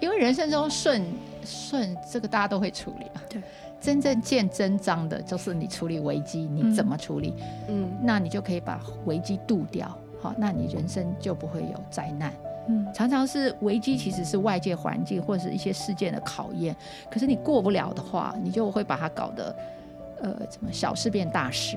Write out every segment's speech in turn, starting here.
因為人生中順順這個大家都會處理嘛，對，真正見真章的就是你處理危機你怎麼處理，嗯，那你就可以把危機渡掉，好、嗯哦，那你人生就不會有災難，嗯，常常是危機其實是外界環境或者是一些事件的考驗，可是你過不了的話，你就會把它搞得，呃，怎麼小事變大事。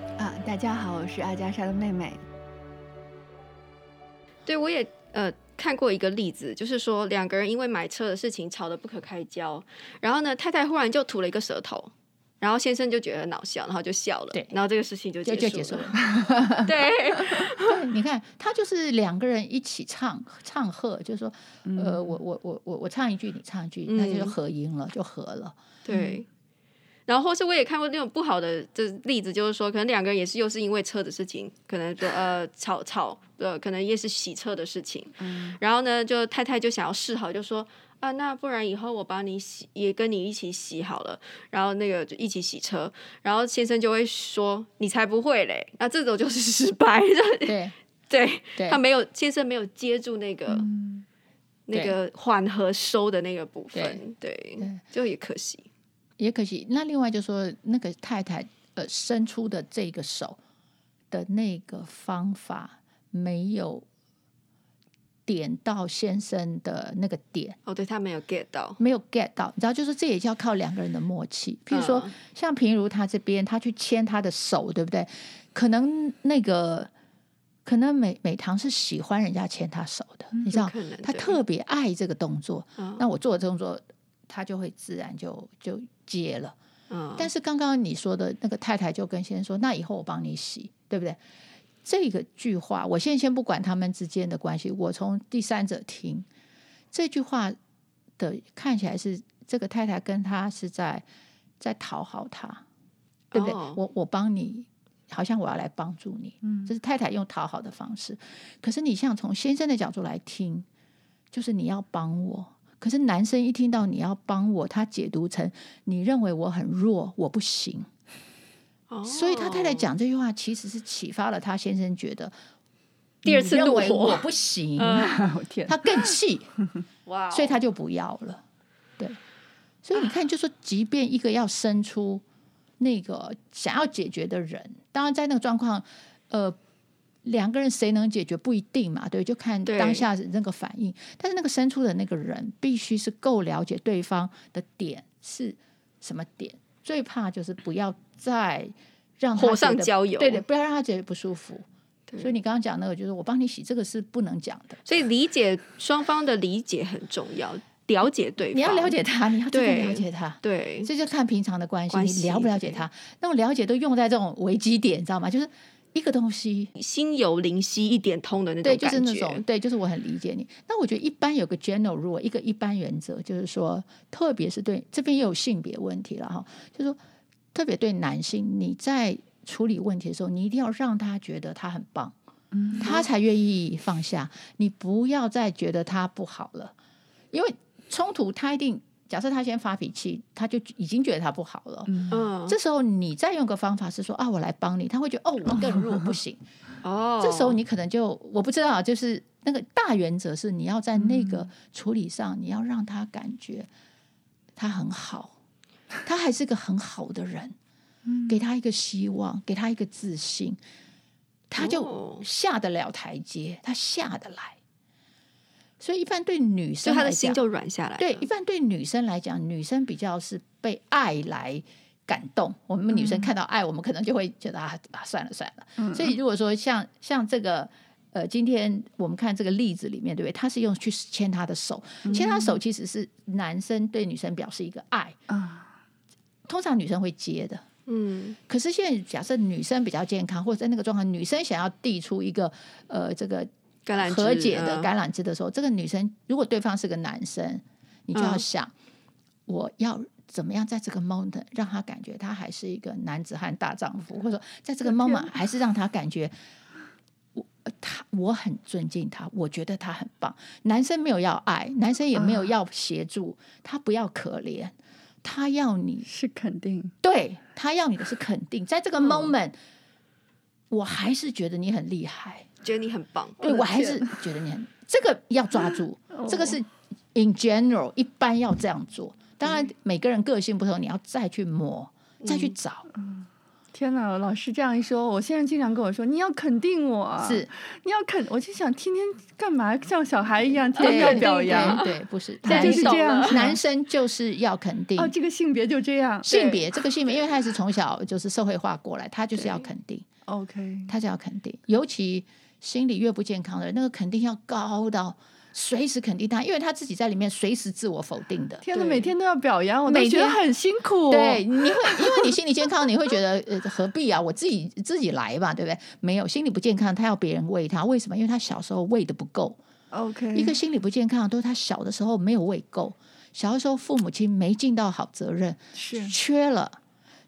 大家好，我是阿嘉莎的妹妹。對，我也呃看過一個例子，就是說兩個人因為買車的事情吵得不可開交，然後呢，太太忽然就吐了一個舌頭，然後先生就覺得很好笑，然後就笑了，對，然後這個事情就結就結束了。 對， 對，你看他就是兩個人一起唱唱和，就是說，呃，我我我我我唱一句，你唱一句，嗯、那就合音了，就合了，對。嗯然後，或是我也看過那種不好的例子，就是說，可能兩個人也是又是因為車的事情，可能就呃吵吵，可能也是洗車的事情。嗯、然後呢，就太太就想要示好，就說啊，那不然以後我幫你洗，也跟你一起洗好了。然後那個就一起洗車，然後先生就會說，你才不會嘞。那這種就是失敗的，對對， 對對他沒有先生沒有接住那個、嗯、那個緩和收的那個部分，對，對對就也可惜。也可惜。那另外就是說，那個太太呃伸出的這個手的那個方法，沒有點到先生的那個點。哦，對他沒有 get 到，沒有 get 到。你知道，就是這也叫靠兩個人的默契。譬如說，嗯、像平如他這邊，他去牽他的手，對不對？可能那個，可能美美棠是喜歡人家牽他手的，你知道，他特別愛這個動作。嗯、那我做的這動作，他就會自然就就。接了，但是剛剛你說的那個太太就跟先生說：“那以後我幫你洗，對不對？”這個句話，我先先不管他們之間的關係，我從第三者聽這句話的看起來是這個太太跟他是在在討好他，對不對？Oh. 我我幫你，好像我要來幫助你，嗯，這是太太用討好的方式。可是你想從先生的角度來聽，就是你要幫我。可是男生一聽到你要幫我，他解讀成你認為我很弱，我不行。Oh. 所以他太太講這句話，其實是啟發了他先生覺得第二次認為我不行，uh. 他更氣，uh. Wow. 所以他就不要了。對，所以你看，就是說即便一個要生出那個想要解決的人，當然在那個狀況，呃。兩個人誰能解決不一定嘛，對，就看當下的那個反應。對但是那個伸出的那個人必須是夠了解對方的點是什麼點。最怕就是不要再讓他火上澆油，對對，不要讓他覺得不舒服。對所以你剛剛講那個，就是我幫你洗，這個是不能講的。所以理解雙方的理解很重要，了解對方，你要了解他，你要真的了解他，對，這就看平常的關係，關係你了不了解他？對那種了解都用在這種危機點，你知道嗎？就是。一個東西，心有靈犀一點通的那種感覺。對，就是那種。對，就是我很理解你。那我覺得一般有個 general rule 一個一般原則，就是說，特別是對這邊又有性別問題了哈、哦，就是說特別對男性，你在處理問題的時候，你一定要讓他覺得他很棒，嗯，他才願意放下。你不要再覺得他不好了，因為衝突他一定。假設他先發脾氣，他就已經覺得他不好了。嗯，這時候你再用個方法是說啊，我來幫你，他會覺得哦，我更弱，我不行。哦，這時候你可能就，我不知道，就是那個大原則是你要在那個處理上，嗯，你要讓他感覺他很好，他還是個很好的人。嗯，給他一個希望，給他一個自信，他就下得了台階，他下得來。所以，一般對女生，就他的心就軟下來了。對，一般對女生來講，女生比較是被愛來感動。我們女生看到愛，嗯、我們可能就會覺得啊，算了算了。嗯、所以，如果說像像這個，呃，今天我們看這個例子裡面，對不對？他是用去牽他的手，嗯、牽他的手其實是男生對女生表示一個愛啊。嗯、通常女生會接的，嗯。可是現在，假設女生比較健康，或者在那個狀況，女生想要遞出一個，呃，這個。和解的橄欖枝、嗯、橄欖枝的時候，這個女生如果對方是個男生，你就要想，我要怎麼樣在這個 moment 讓他感覺他還是一個男子漢大丈夫，嗯、或者說在這個 moment 還是讓他感覺我，我哪他，我很尊敬他，我覺得他很棒。男生沒有要愛，男生也沒有要協助，嗯、他不要可憐，他要你是肯定。對，他要你的是肯定，在這個 moment、嗯、我還是覺得你很厲害。覺得你很棒，對，我還是覺得你很這個要抓住，這個是 in general 一般要這樣做。當然，每個人個性不同，你要再去摸，再去找。天哪，老師這樣一說，我先生經常跟我說：“你要肯定我，是你要肯。”我就想天天幹嘛，像小孩一樣天天要表揚。對，不是，但就是這樣。男生就是要肯定。哦，這個性別就這樣。性別這個性別，因為他也是從小就是社會化過來，他就是要肯定。OK，他就要肯定，尤其。心理越不健康的人，那個肯定要高到隨時肯定他，因為他自己在裡面隨時自我否定的。天哪，對，每天都要表揚我，每天很辛苦哦。對，你會因為你心理健康， 你會覺得呃何必啊，我自己自己來吧，對不對？沒有，心理不健康，他要別人餵他，為什麼？因為他小時候餵的不夠。OK，一個心理不健康都是他小的時候沒有餵夠，小的時候父母親沒盡到好責任，是，缺了。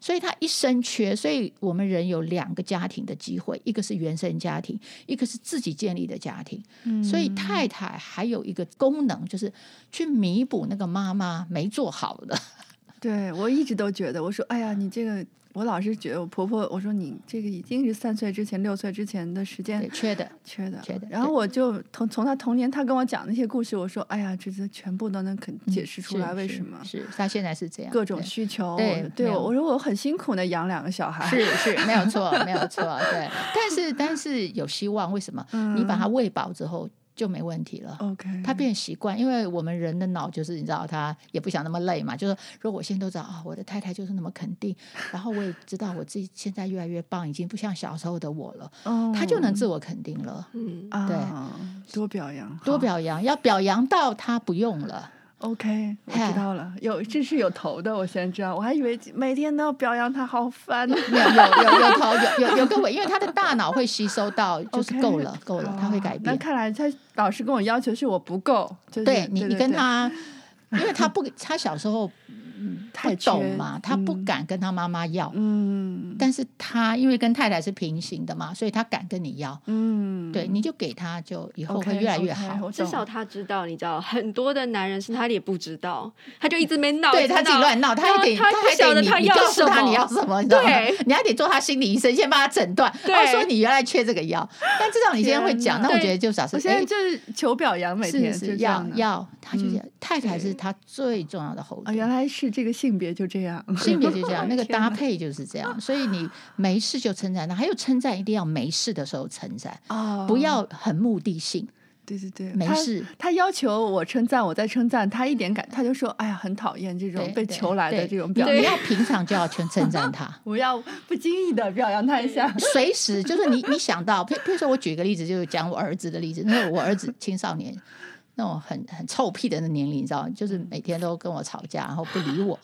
所以他一生缺，所以我們人有兩個家庭的機會，一個是原生家庭，一個是自己建立的家庭。嗯、所以太太還有一個功能，就是去彌補那個媽媽沒做好的。對我一直都覺得，我說，哎呀，你這個。我老是覺得我婆婆，我說你這個已經是三歲之前、六歲之前的時間缺的，缺的。然後我就從從他童年，他跟我講那些故事，我說，哎呀，這這全部都能肯解釋出來，為什麼？嗯、是，他現在是這樣。各種需求。對對，我說我很辛苦的養兩個小孩。是是，是 沒有錯，沒有錯，對。但是但是有希望，為什麼？嗯、你把他餵飽之後。就沒問題了。OK，他變習慣，因為我們人的腦就是你知道，他也不想那麼累嘛。就說如果我現在都知道啊、哦，我的太太就是那麼肯定，然後我也知道我自己現在越來越棒，已經不像小時候的我了。哦，他就能自我肯定了。嗯，對，多表揚，多表揚，好要表揚到他不用了。OK，我知道了， 有，這是有頭的，我先知道，我還以為每天都要表揚他，好煩。 no, 有有有有頭有有有個尾，因為他的大腦會吸收到，就是夠了 okay, 夠了，哦、他會改變。那看來他老師跟我要求是我不夠，就是、對你你跟他，對對對，因為他不，他小時候。 太懂嘛，他不敢跟他媽媽要。嗯，但是他因為跟太太是平行的嘛，所以他敢跟你要。嗯，對，你就給他，就以後會越來越好。至少他知道，你知道，很多的男人是他也不知道，他就一直沒鬧。對，他自己亂鬧，他還得他曉得他要什麼，你要什麼，你知道嗎？你還得做他心理醫生，先把他診斷。對，說你原來缺這個藥，但至少你今天會講。那我覺得就是啊，現在就是求表揚，每天就是要要，他就。太太是他最重要的後盾。哦、原來是這個性別就這樣，性別就這樣，對那個搭配就是這樣。哪所以你沒事就稱讚他，還有稱讚一定要沒事的時候稱讚啊，哦、不要很目的性。對對對，沒事。他，他要求我稱讚，我在稱讚他，一點感他就說：“哎呀，很討厭這種被求來的這種表揚。”你要平常就要去稱讚他， 我要不經意的表揚他一下，隨時就是你你想到，譬譬如說，我舉個例子，就是講我兒子的例子，那我兒子青少年。那種很很臭屁的那年齡，你知道，就是每天都跟我吵架，然後不理我。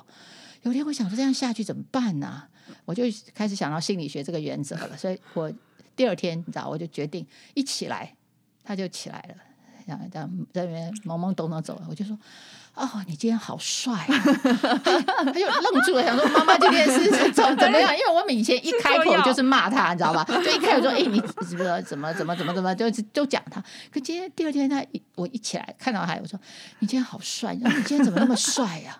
有一天我想說這樣下去怎麼辦呢、啊？我就開始想到心理學這個原則了。所以我第二天，你知道，我就決定一起來，他就起來了，然後在在那邊懵懵懂懂走了。我就說。哦，你今天好帥，啊！ 他就愣住了，想說，媽媽今天是怎怎麼樣？ 因為我們以前一開口就是罵他，你知道吧？就一開口說，哎，你是不是怎麼怎麼怎麼怎麼怎麼就都講他。可今天第二天，他一我一起來看到他，我說你今天好帥你說，你今天怎麼那麼帥呀，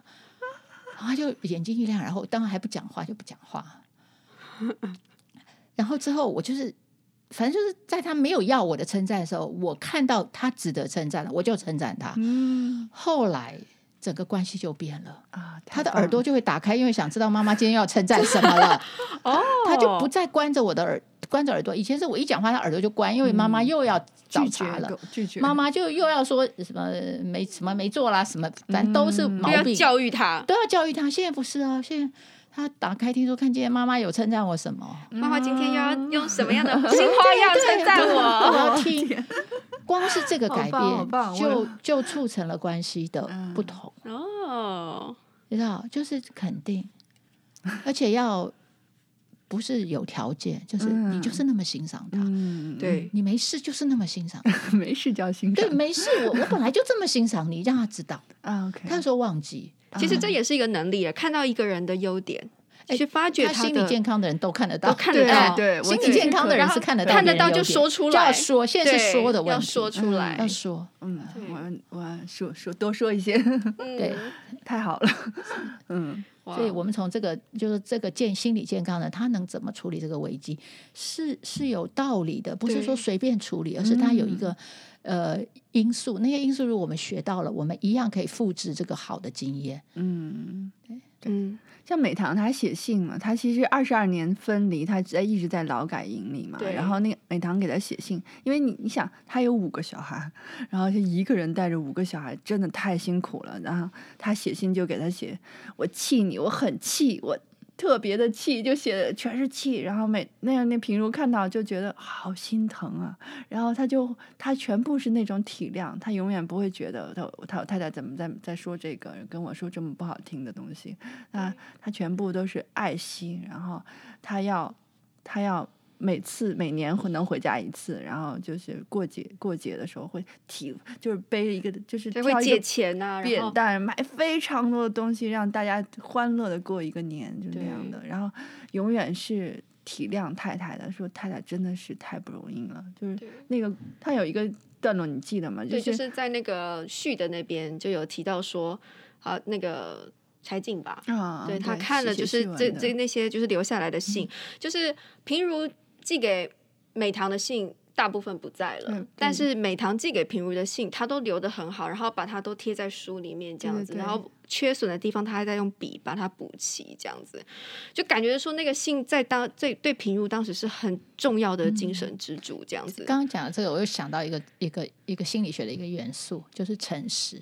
啊？ 然後他就眼睛一亮，然後當然還不講話就不講話。然後之後我就是。反正就是在他沒有要我的稱讚的時候，我看到他值得稱讚了，我就稱讚他。嗯，後來整個關係就變了啊，了他的耳朵就會打開，因為想知道媽媽今天要稱讚什麼了。 他哦，他就不再關着我的耳，關着耳朵。以前是我一講話，他耳朵就關，因為媽媽又要找茬了，拒絕。媽媽就又要說什麼沒什麼沒做啦，什麼，反正都是毛病，教育他，都要教育他。現在不是哦，啊，現在。他打開，聽說，看見媽媽有稱讚我什麼？媽媽、嗯、今天要用什麼樣的核心話要稱讚我？我要聽。光是這個改變， 就就促成了關係的不同哦。你、嗯、知道，就是肯定，而且要。 不是有條件，就是你就是那麼欣賞他。嗯，對，你沒事就是那麼欣賞，沒事叫欣賞。對，沒事，我我本來就這麼欣賞你，讓他知道。啊，OK。他說忘記，其實這也是一個能力，看到一個人的優點，去發掘他。心理健康的人都看得到，看得到。對，心理健康的人是看得到，看得到就說出來，要說，現在是說的我要說出來，要說。嗯，我我說說多說一些，對，太好了，嗯。所以我們從這個就是這個健心理健康呢，他能怎麼處理這個危機，是是有道理的，不是說隨便處理，對而是他有一個、嗯、呃因素，那些、個、因素如果我們學到了，我們一樣可以複制這個好的經驗。嗯對，對，嗯。像美棠，他寫信嘛，他其實二十二年分離，他在一直在勞改營裡嘛，對然後那個美棠給他寫信，因為你你想，他有五個小孩，然後她一個人帶着五個小孩，真的太辛苦了，然後他寫信就給他寫，我氣你，我很氣我。特別的氣，就寫的全是氣，然後每那樣那平如看到就覺得好心疼啊，然後他就他全部是那種體諒，他永遠不會覺得他他，他太太怎麼在在說這個跟我說這麼不好聽的東西，啊，他全部都是愛心，然後他要他要。每次每年會能回家一次，然後就是過節過節的時候會提，就是背着一個就是個會借錢啊，然後，然後買非常多的東西，讓大家歡樂的過一個年，就那樣的。對然後永遠是體諒太太的，說太太真的是太不容易了。就是那個對他有一個段落，你記得嗎？就是、就是、在那個序的那邊就有提到說啊，那個柴靜吧，啊、對她對看了就是謝謝這這那些就是留下來的信，嗯、就是平如。寄給美棠的信大部分不在了，嗯、但是美棠寄給平如的信，他都留得很好，然後把它都貼在書裡面這樣子，嗯、然後缺損的地方他還在用筆把它補齊，這樣子，就感覺說那個信在當對對平如當時是很重要的精神支柱，這樣子、嗯。剛剛講的這個，我又想到一個一個一個心理學的一個元素，就是誠實。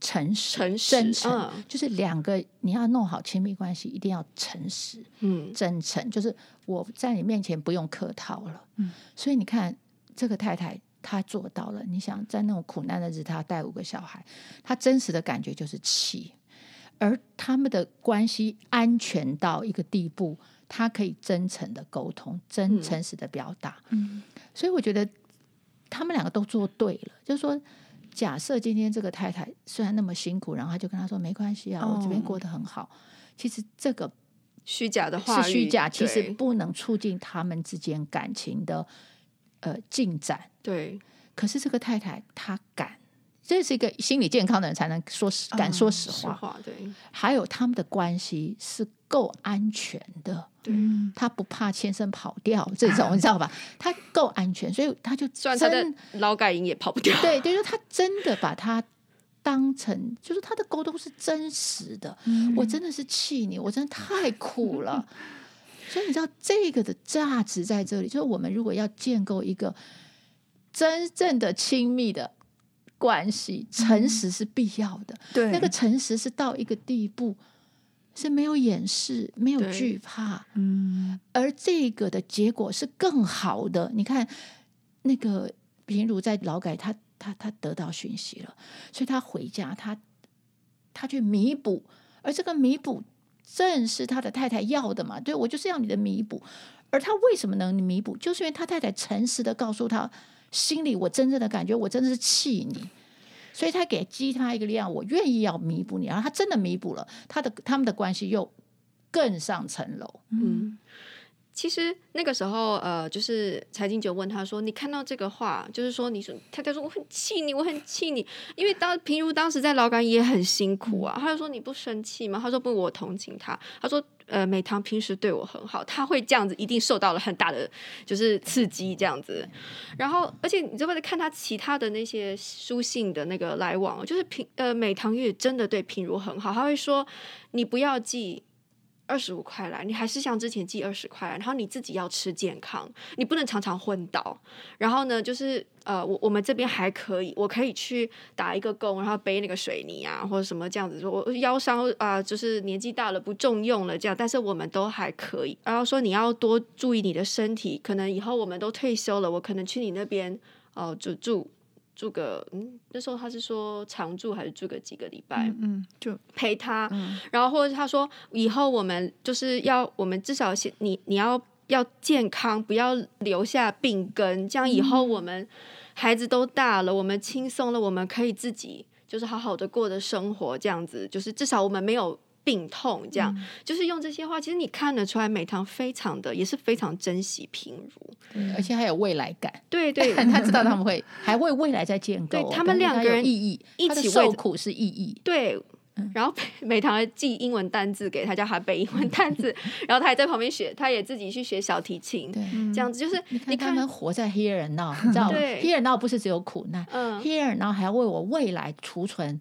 誠實、誠實真誠，嗯、就是兩個你要弄好親密關係，一定要誠實、真誠。就是我在你面前不用客套了。嗯，所以你看這個太太她做到了。你想在那種苦難的日子，她帶五個小孩，她真實的感覺就是氣。而他們的關係安全到一個地步，她可以真誠的溝通，真、誠實的表達。嗯，嗯，所以我覺得他們兩個都做對了，就是說。假設今天這個太太雖然那麼辛苦，然後他就跟他說沒關係啊，哦、我這邊過得很好。其實這個是虛假的話是虛假，對其實不能促進他們之間感情的呃進展。對，可是這個太太她敢。這是一個心理健康的人才能說實、嗯、敢說實話，實話對。還有，他們的關係是夠安全的。對，他不怕先生跑掉這種，啊、你知道吧？他夠安全，所以他就算他的勞改營也跑不掉。對，就是他真的把他當成，就是他的溝通是真實的。嗯、我真的是氣你，我真的太苦了。 所以你知道這個的價值在這裡。就是我們如果要建構一個真正的親密的關係誠實是必要的，嗯、對那個誠實是到一個地步是沒有掩飾、沒有懼怕，嗯，而這個的結果是更好的。你看，那個平如在勞改，他他他得到訊息了，所以他回家，他他去彌補，而這個彌補正是他的太太要的嘛，對，我就是要你的彌補。而他為什麼能彌補？就是因為他太太誠實的告訴他。心裡我真正的感覺，我真的是氣你，所以他給姬他一個力量，我願意要彌補你，然後他真的彌補了，他的他們的關係又更上層樓，嗯。其實那個時候，呃，就是柴靜就問他說：“你看到這個話，就是說你說太太說我很氣你，我很氣你，因為當平如當時在勞改也很辛苦啊。”他就說：“你不生氣嗎？”他說：“不，我同情他。”他說：“呃，美棠平時對我很好，他會這樣子，一定受到了很大的就是刺激這樣子。然後，而且你再來看他其他的那些書信的那個來往，就是平呃美棠也真的對平如很好，他會說你不要記。”二十五塊來，你還是像之前寄二十塊來，然後你自己要吃健康，你不能常常昏倒。然後呢，就是呃，我我們這邊還可以，我可以去打一個工，然後背那個水泥啊，或者什麼這樣子。說我腰傷啊，呃，就是年紀大了不中用了這樣，但是我們都還可以。然後說你要多注意你的身體，可能以後我們都退休了，我可能去你那邊哦就住。住個，嗯，那時候他是說常住還是住個幾個禮拜？嗯，嗯，就陪他，嗯、然後或者他說以後我們就是要我們至少先你你要要健康，不要留下病根，這樣以後我們孩子都大了，我們輕鬆了，我們可以自己就是好好的過的生活，這樣子就是至少我們沒有。病痛，這樣就是用這些話，其實你看得出來，美棠非常的也是非常珍惜平如，而且還有未來感。對對，他知道他們會還為未來在建構，他們兩個人意義一起受苦是意義。對，然後美棠還記英文單字給他，叫他背英文單字，然後他也在旁邊學，他也自己去學小提琴。對，這樣子就是你看他們活在 Here Now，你知道嗎？Here Now 不是只有苦難，Here Now 還要為我未來儲存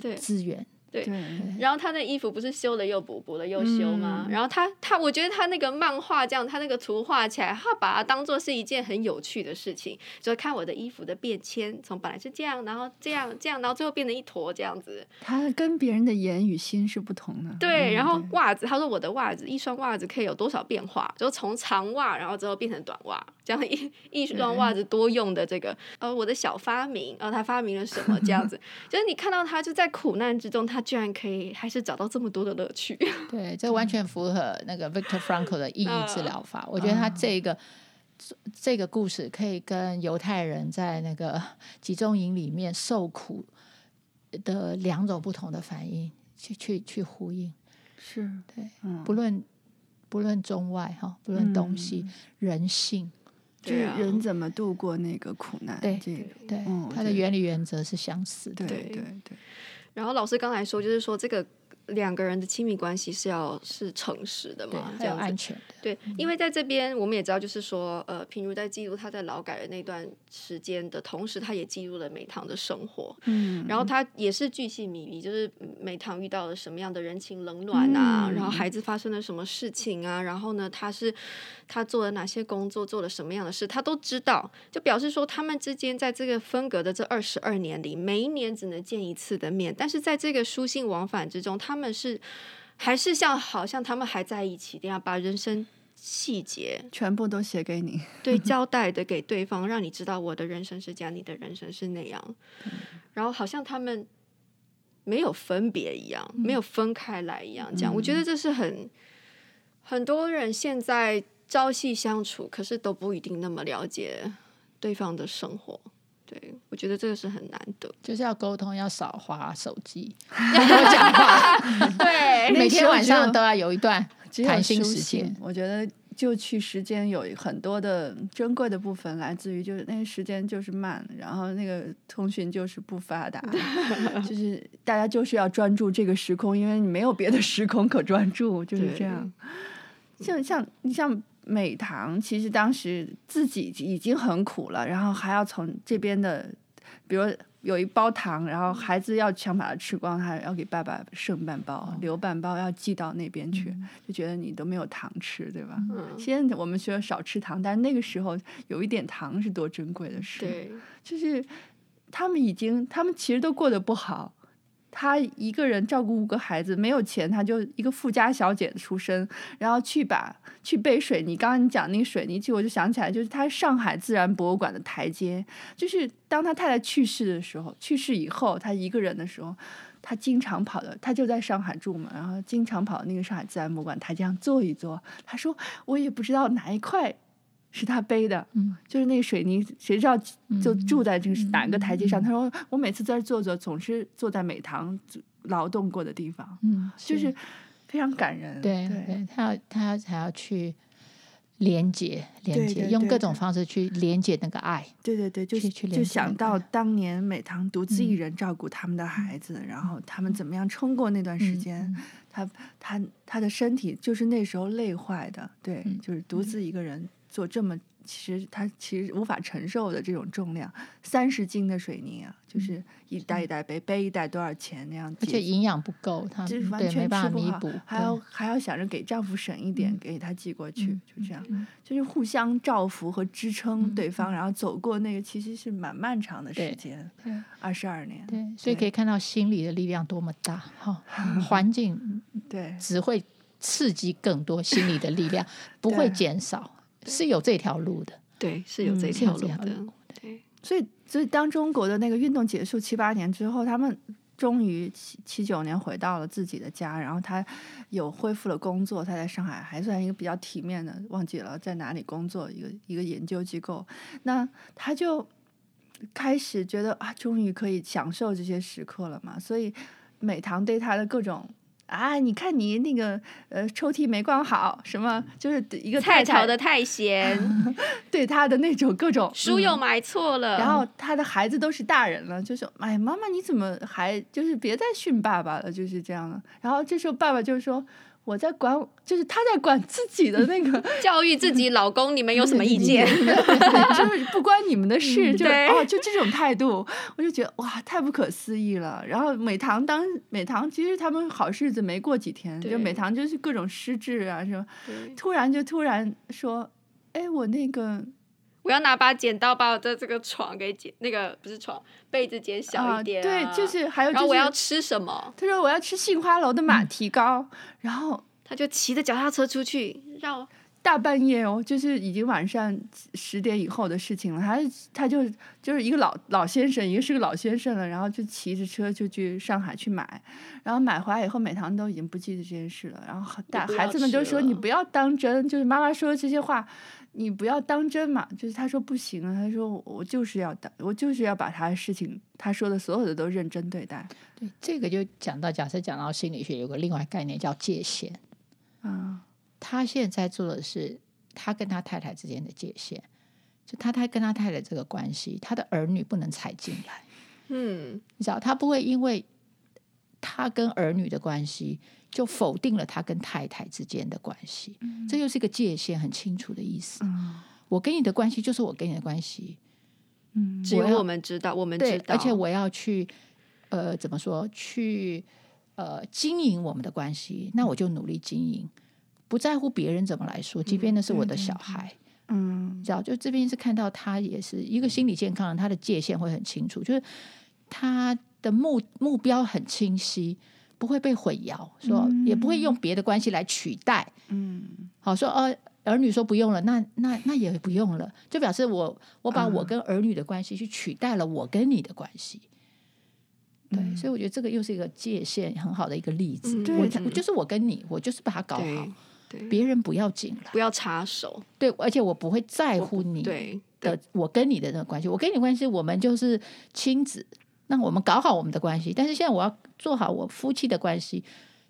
對資源。對，對然後他的衣服不是修了又補，補了又修嗎？嗯、然後他他，我覺得他那個漫畫，這樣他那個圖畫起來，他把它當做是一件很有趣的事情，就看我的衣服的變遷，從本來是這樣，然後這樣這樣，然後最後變成一坨這樣子。他跟別人的眼與心是不同的。對，嗯、然後襪子，他說我的襪子，一雙襪子可以有多少變化？就從長襪，然後之後變成短襪，這樣一一雙襪、襪子多用的這個，對呃，我的小發明，然、呃、後他發明了什麼這樣子？ 就是你看到他就在苦難之中，他。居然可以，還是找到這麼多的樂趣。對，這完全符合那個 Victor Frankl 的意義治療法。那我覺得他這個、嗯、這個故事可以跟猶太人在那個集中營裡面受苦的兩種不同的反應去去去呼應。是對，嗯、不論不論中外哈，不論東西，嗯、人性，就是人怎麼度過那個苦難，對，對對，嗯、他的原理原則是相似的。對對對，對。然後老師剛才說，就是說這個。兩個人的親密關係是要是誠實的嘛？對這樣子。安全對，嗯、因為在這邊我們也知道，就是說，呃，平如在記錄他在勞改的那段時間的同時，他也記錄了美棠的生活。嗯。然後他也是巨細靡遺，就是美棠遇到了什麼樣的人情冷暖啊，嗯、然後孩子發生了什麼事情啊？然後呢，他是他做了哪些工作，做了什麼樣的事，他都知道。就表示說，他們之間在這個分隔的這二十二年裡，每一年只能見一次的面，但是在這個書信往返之中，他。他們是還是像好像他們還在一起一樣，把人生細節全部都寫給你，對，交代的給對方，你 讓你知道我的人生是這樣，你的人生是那樣。然後好像他們沒有分別一樣，嗯、沒有分開來一樣。這樣、嗯、我覺得這是很很多人現在朝夕相處，可是都不一定那麼了解對方的生活。對，我覺得這個是很難得，就是要溝通，要少滑手機，要多 講話。 嗯、對，每天晚上都要有一段 有談心時間。時間我覺得就去時間有很多的珍貴的部分，來自於就是那個時間就是慢，然後那個通訊就是不發達， 就是大家就是要專注這個時空，因為你沒有別的時空可專注，就是這樣。對像像你像。美棠其實當時自己已經很苦了，然後還要從這邊的，比如有一包糖，然後孩子要想把它吃光，還要給爸爸剩半包，留半包要寄到那邊去，嗯、就覺得你都沒有糖吃，對吧？嗯。現在我們說少吃糖，但是那個時候有一點糖是多珍貴的事。對。就是他們已經，他們其實都過得不好。他一個人照顧五個孩子，沒有錢，他就一個富家小姐出身。然後去把去背水泥，剛剛你講那個水泥去，我就想起來，就是他上海自然博物館的台階，就是當他太太去世的時候，去世以後，他一個人的時候，他經常跑到，他就在上海住嘛，然後經常跑到那個上海自然博物館台階上坐一坐。他說，我也不知道哪一塊。是他背的，就是那個水泥，誰知道就住在就是哪個台階上？他說：“我每次在這坐着，總是坐在美棠勞動過的地方。”嗯，就是非常感人。對，他要他才要去連接連接，用各種方式去連接那個愛。對對對，就是去就想到當年美棠獨自一人照顧他們的孩子，然後他們怎麼樣撐過那段時間？他他他的身體就是那時候累壞的。對，就是獨自一個人。做這麼，其實她其實無法承受的這種重量，三十斤的水泥啊，就是一袋一袋背，背一袋多少錢那樣子，而且營養不夠，她完全沒辦法彌補，還要還要想着給丈夫省一點，給他寄過去，就這樣，就是互相照拂和支撐對方，然後走過那個其實是蠻漫長的時間，對，二十二年，對，所以可以看到心理的力量多麼大哈，環境對只會刺激更多心理的力量，不會減少。是有這條路的，對，是有這條路的，嗯、是有這條路的。對。所以，所以當中國的那個運動結束七八年之後，他們終於七七九年回到了自己的家，然後他有恢復了工作，他在上海還算一個比較體面的，忘記了在哪裡工作，一個一個研究機構。那他就開始覺得啊，終於可以享受這些時刻了嘛。所以，美棠對他的各種。啊！你看你那個呃，抽屜沒關好，什麼就是一個太太菜炒的太鹹、啊，對他的那種各種書又買錯了、嗯，然後他的孩子都是大人了，就說：“哎，媽媽你怎麼還就是別再訓爸爸了？”就是這樣了。然後這時候爸爸就說。我在管，就是他在管自己的那個 教育自己 老公，你們有什麼意見？就是不關你們的事， 嗯、對就哦，就這種態度，我就覺得哇，太不可思議了。然後美棠當美棠，其實他們好日子沒過幾天，對就美棠就是各種失智啊什麼，是吧對突然就突然說，哎，我那個。我要拿把剪刀把我的這個床給剪，那個不是床被子剪小一點，啊、呃。對，就是還有就是、然後我要吃什麼？他說我要吃杏花樓的馬蹄糕，嗯、然後他就騎着腳踏車出去繞。後大半夜哦，就是已經晚上十點以後的事情了。他他就就是一個老老先生，一個是個老先生了，然後就騎着車就去上海去買，然後買回來以後，美棠都已經不記得這件事了。然後大孩子們都說你不要當真，就是媽媽說的這些話。你不要當真嘛，就是他說不行啊，他說我就是要我就是要把他的事情，他說的所有的都認真對待。對，這個就講到，假設講到心理學有個另外概念叫界限，啊、嗯，他現在做的是他跟他太太之間的界限，就他太跟他太太這個關係，他的兒女不能踩進來，嗯，你知道他不會因為他跟兒女的關係。就否定了他跟太太之間的關係，嗯、這又是一個界限很清楚的意思。嗯、我跟你的關係就是我跟你的關係，嗯，要只有我們知道，我們知道。而且我要去，呃，怎麼說？去，呃，經營我們的關係，那我就努力經營，嗯、不在乎別人怎麼來說，即便那是我的小孩，嗯，你知道？就這邊是看到他也是、嗯、一個心理健康，他的界限會很清楚，就是他的目目標很清晰。不會被混淆，說也不會用別的關係來取代。嗯，好說，呃，兒女說不用了，那那那也不用了，就表示我我把我跟兒女的關係去取代了我跟你的關係。嗯、對，所以我覺得這個又是一個界限很好的一個例子。嗯、對，我我就是我跟你，我就是把它搞好，對，對，別人不要進來，不要插手，對，而且我不會在乎你的我，我跟你的那個關係，我跟你關係，我們就是親子。那我們搞好我們的關係，但是現在我要做好我夫妻的關係。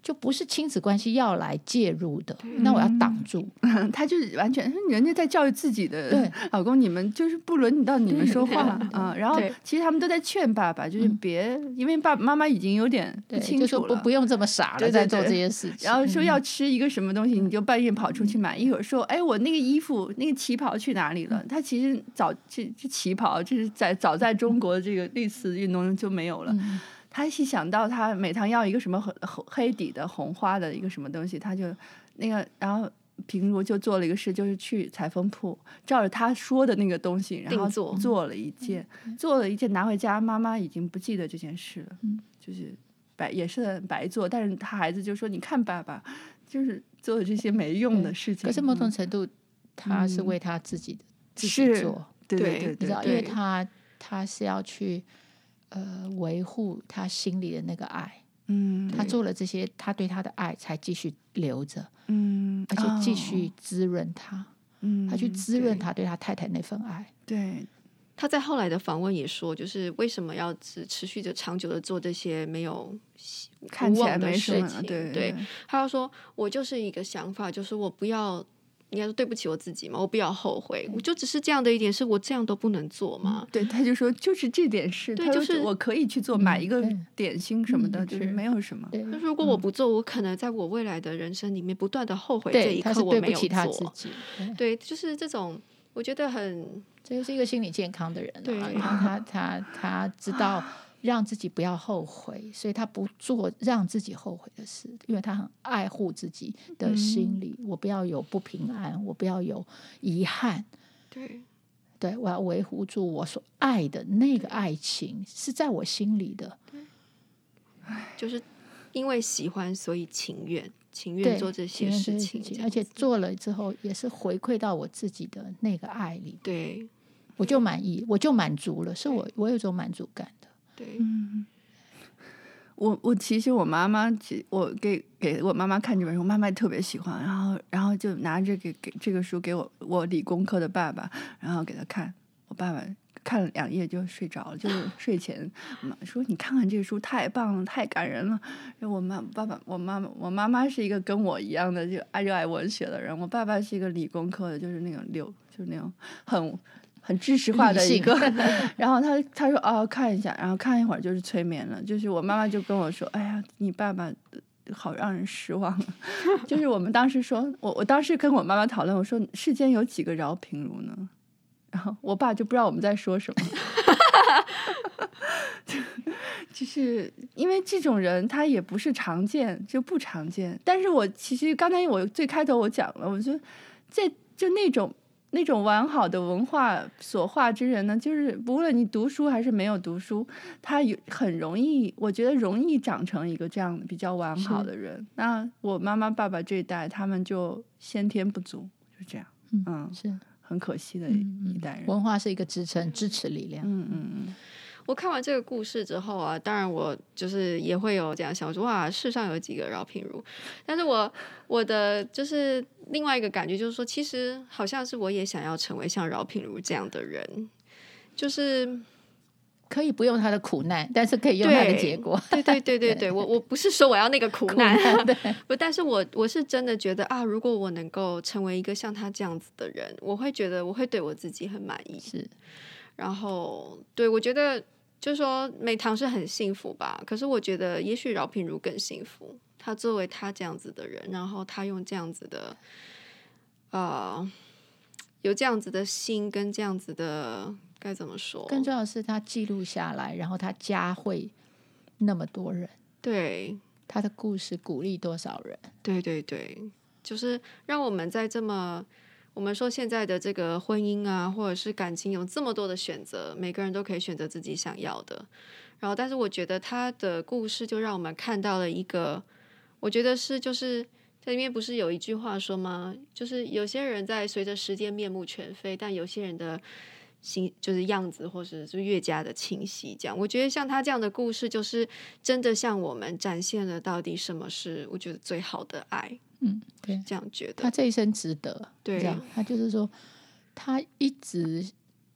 就不是親子關係要來介入的，那我要擋住。他就是完全人家在教育自己的。對，老公，你們就是不輪到你們說話啊。然後其實他們都在勸爸爸，就是別，因為爸爸媽媽已經有點，就說不不用這麼傻了，在做這些事情。然後說要吃一個什麼東西，你就半夜跑出去買。一會兒說，哎，我那個衣服那個旗袍去哪裡了？他其實早這這旗袍就是在早在中國這個類似運動就沒有了。他一想到他每趟要一個什麼紅黑底的紅花的一個什麼東西，他就那個，然後平如就做了一個事，就是去裁縫鋪照着他說的那個東西，然後做做了一件，做了一件拿回家，媽媽已經不記得這件事了，就是白也是很白做，但是他孩子就說你看爸爸就是做了這些沒用的事情，嗯、可是某種程度、嗯、他是為他自己的是自己做，對對對、對，你知道，因為他他是要去。呃，維護他心裡的那個愛，嗯，他做了這些，他對他的愛才繼續留着，嗯，而且繼續滋潤他，哦、嗯，他去滋潤他對他太太那份愛，對。對，他在後來的訪問也說，就是為什麼要持續着長久的做這些沒有希望的事情。事情？對，對，對他說我就是一個想法，就是我不要。應該說對不起我自己嘛，我不要後悔。我就只是這樣的一點，是我這樣都不能做嗎？嗯、對，他就說就是這點事，對就是他就我可以去做、嗯、買一個點心什麼的，對就是沒有什麼。那如果我不做，嗯、我可能在我未來的人生裡面不斷的後悔這一刻我沒有做。對，就是這種，我覺得很，這是一個心理健康的人、啊、對，啊、他他他知道。讓自己不要後悔，所以他不做讓自己後悔的事，因為他很愛護自己的心理。嗯、我不要有不平安，我不要有遺憾。對，對，我要維護住我所愛的那個愛情對是在我心裡的。就是因為喜歡，所以情願情願做這些事情，情願這些事情而且做了之後對也是回饋到我自己的那個愛裡。對，我就滿意，我就滿足了，是我對我有種滿足感的。對，嗯，我我其實我媽媽，我給給我媽媽看這本書，我媽媽特別喜歡，然後然後就拿着給給這個書給我我理工科的爸爸，然後給他看，我爸爸看了兩頁就睡着了，就是睡前我媽說你看看這個書太棒了，太感人了。然後我媽爸爸我媽媽我媽媽是一個跟我一樣的就愛熱愛文學的人，我爸爸是一個理工科的，就是那種流就是那種很。很知識化的一個，喜 然後他他說哦，看一下，然後看一會兒就是催眠了，就是我媽媽就跟我說，哎呀你爸爸好讓人失望，就是我們當時說我我當時跟我媽媽討論，我說世間有幾個饒平如呢？然後我爸就不知道我們在說什麼， 就是因為這種人他也不是常見就不常見，但是我其實剛才我最開頭我講了，我說在就那種。那種完好的文化所化之人呢，就是不論你讀書還是沒有讀書，他有很容易，我覺得容易長成一個這樣的比較完好的人。是。那我媽媽爸爸這一代，他們就先天不足，就這樣，嗯，嗯，是很可惜的一代人，嗯。文化是一個支撐、支持力量。嗯嗯嗯。嗯我看完這個故事之後啊，當然我就是也會有這樣想說，我說哇，世上有幾個饒平如？但是我我的就是另外一個感覺就是說，其實好像是我也想要成為像饒平如這樣的人，就是可以不用他的苦難，但是可以用，對用他的結果。對對對對對，我我不是說我要那個苦、苦難，苦難啊、對，不，但是我我是真的覺得啊，如果我能夠成為一個像他這樣子的人，我會覺得我會對我自己很滿意。是。然後，對，我覺得，就是說，美棠是很幸福吧。可是我覺得，也許饒平如更幸福。他作為他這樣子的人，然後他用這樣子的，啊、呃，有這樣子的心，跟這樣子的該怎麼說？更重要的是他記錄下來，然後他家會那麼多人，對他的故事鼓勵多少人？對對對，就是讓我們在這麼。我們說現在的這個婚姻啊，或者是感情有這麼多的選擇，每個人都可以選擇自己想要的。然後，但是我覺得他的故事就讓我們看到了一個，我覺得是就是這裡面不是有一句話說嗎？就是有些人在隨着時間面目全非，但有些人的心就是樣子，或者是就越加的清晰。這樣，我覺得像他這樣的故事，就是真的向我們展現了到底什麼是我覺得最好的愛。嗯，對，這樣覺得他這一生值得，對，他就是說，他一直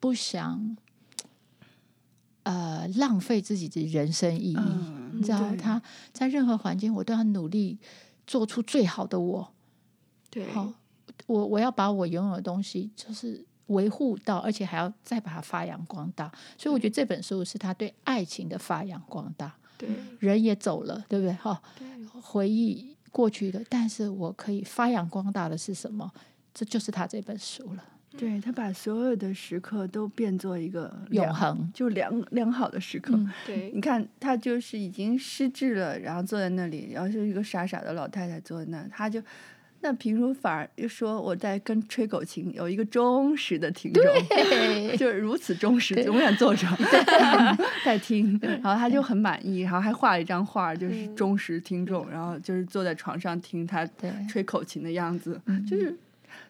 不想，呃，浪費自己的人生意義，嗯、你知道，對他在任何環境，我都要努力做出最好的我，對，好，我我要把我擁有的東西就是維護到，而且還要再把它發揚光大，所以我覺得這本書是他對愛情的發揚光大，對，人也走了，對不對？哈、哦，對，回憶。過去的，但是我可以發揚光大的是什麼？這就是他這本書了。對，他把所有的時刻都變做一個永恆，就良良好的時刻。嗯，對，你看他就是已經失智了，然後坐在那裡，然後是一個傻傻的老太太坐在那，他就，那平如反而又說我在跟吹口琴，有一個忠實的聽眾，就是如此忠實，永遠坐着在聽，然後他就很滿意，然後還畫了一張畫，就是忠實聽眾，然後就是坐在床上聽他吹口琴的樣子，就是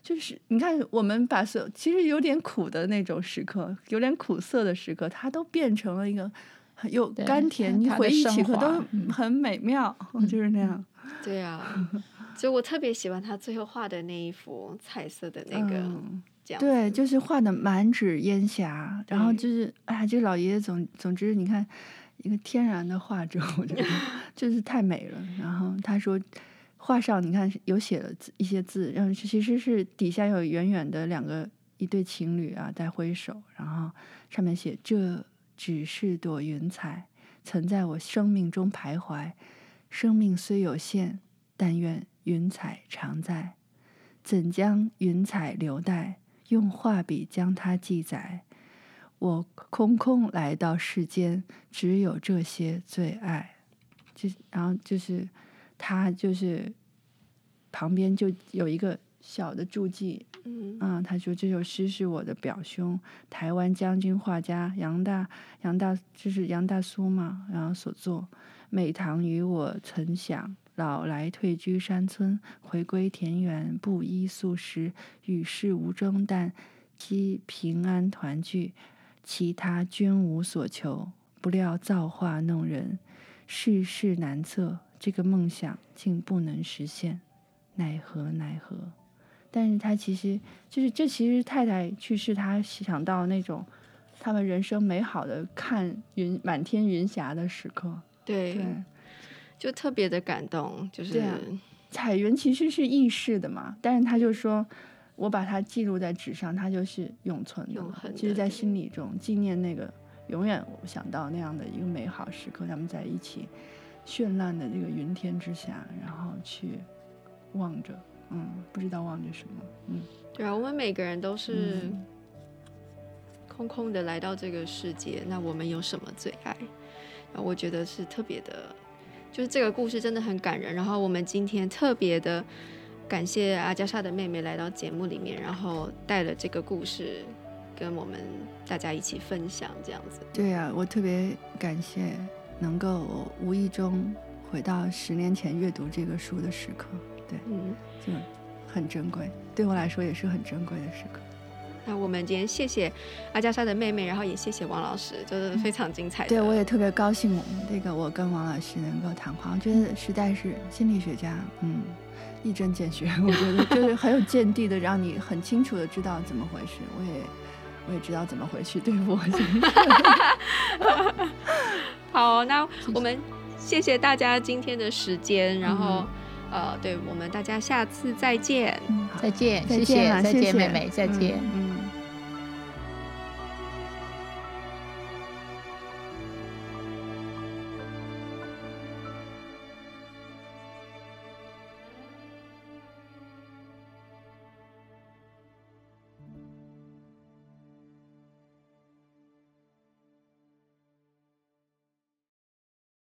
就是你看，我們把所有其實有點苦的那種時刻，有點苦澀的時刻，它都變成了一個很又甘甜，你回憶起來都很美妙，就是那樣，對呀。所以我特別喜歡他最後畫的那一幅彩色的那個，嗯，對，就是畫的滿紙煙霞，對然後就是哎，這老爺爺總總之你看一個天然的畫中，我覺得就是太美了。 然後他說畫上你看有寫了字一些字，然後其實是底下有遠遠的兩個一對情侶啊在揮手，然後上面寫這只是朵雲彩，曾在我生命中徘徊，生命雖有限，但願。雲彩常在，怎將雲彩留待？用畫筆將它記載。我空空來到世間，只有這些最愛。這，然後就是，他就是旁邊就有一個小的注記，嗯，啊、嗯，他說這首詩是我的表兄，台灣將軍畫家楊大楊大，就是楊大叔嘛，然後所作。美棠與我曾想，老來退居山村，回歸田園，布衣素食，與世無爭，但期平安團聚，其他均無所求。不料造化弄人，世事難測，這個夢想竟不能實現，奈何奈何！但是他其實就是這，其實太太去世，他想到那種他們人生美好的看雲滿天雲霞的時刻，對。對就特別的感動，就是彩雲其實是易逝的嘛，但是他就說，我把它記錄在紙上，它就是永存的，永恆的，就是在心裡中紀念那個永遠，我想到那樣的一個美好時刻，他們在一起，絢爛的這個雲天之下，然後去望着，嗯，不知道望着什麼，嗯，對啊，我們每個人都是空空的來到這個世界，嗯、那我們有什麼最愛？啊，我覺得是特別的。就是這個故事真的很感人，然後我們今天特別的感謝阿加莎的妹妹來到節目裡面，然後帶了這個故事跟我們大家一起分享，這樣子。對啊，我特別感謝能夠無意中回到十年前閱讀這個書的時刻，對，嗯，就很珍貴，對我來說也是很珍貴的時刻。那我們今天謝謝阿嘉莎的妹妹，然後也謝謝王老師，就是非常精彩的。對，我也特別高興，那個我跟王老師能夠談話，我覺得實在是心理學家，嗯，嗯，一針見血，我覺得就是很有見地的， 讓你很清楚的知道怎麼回事。我也我也知道怎麼回事，對我。 好，那我們謝謝大家今天的時間，然後、嗯、呃，對我們大家下次再見，再見、嗯，謝謝，再見，妹妹，再見。嗯嗯。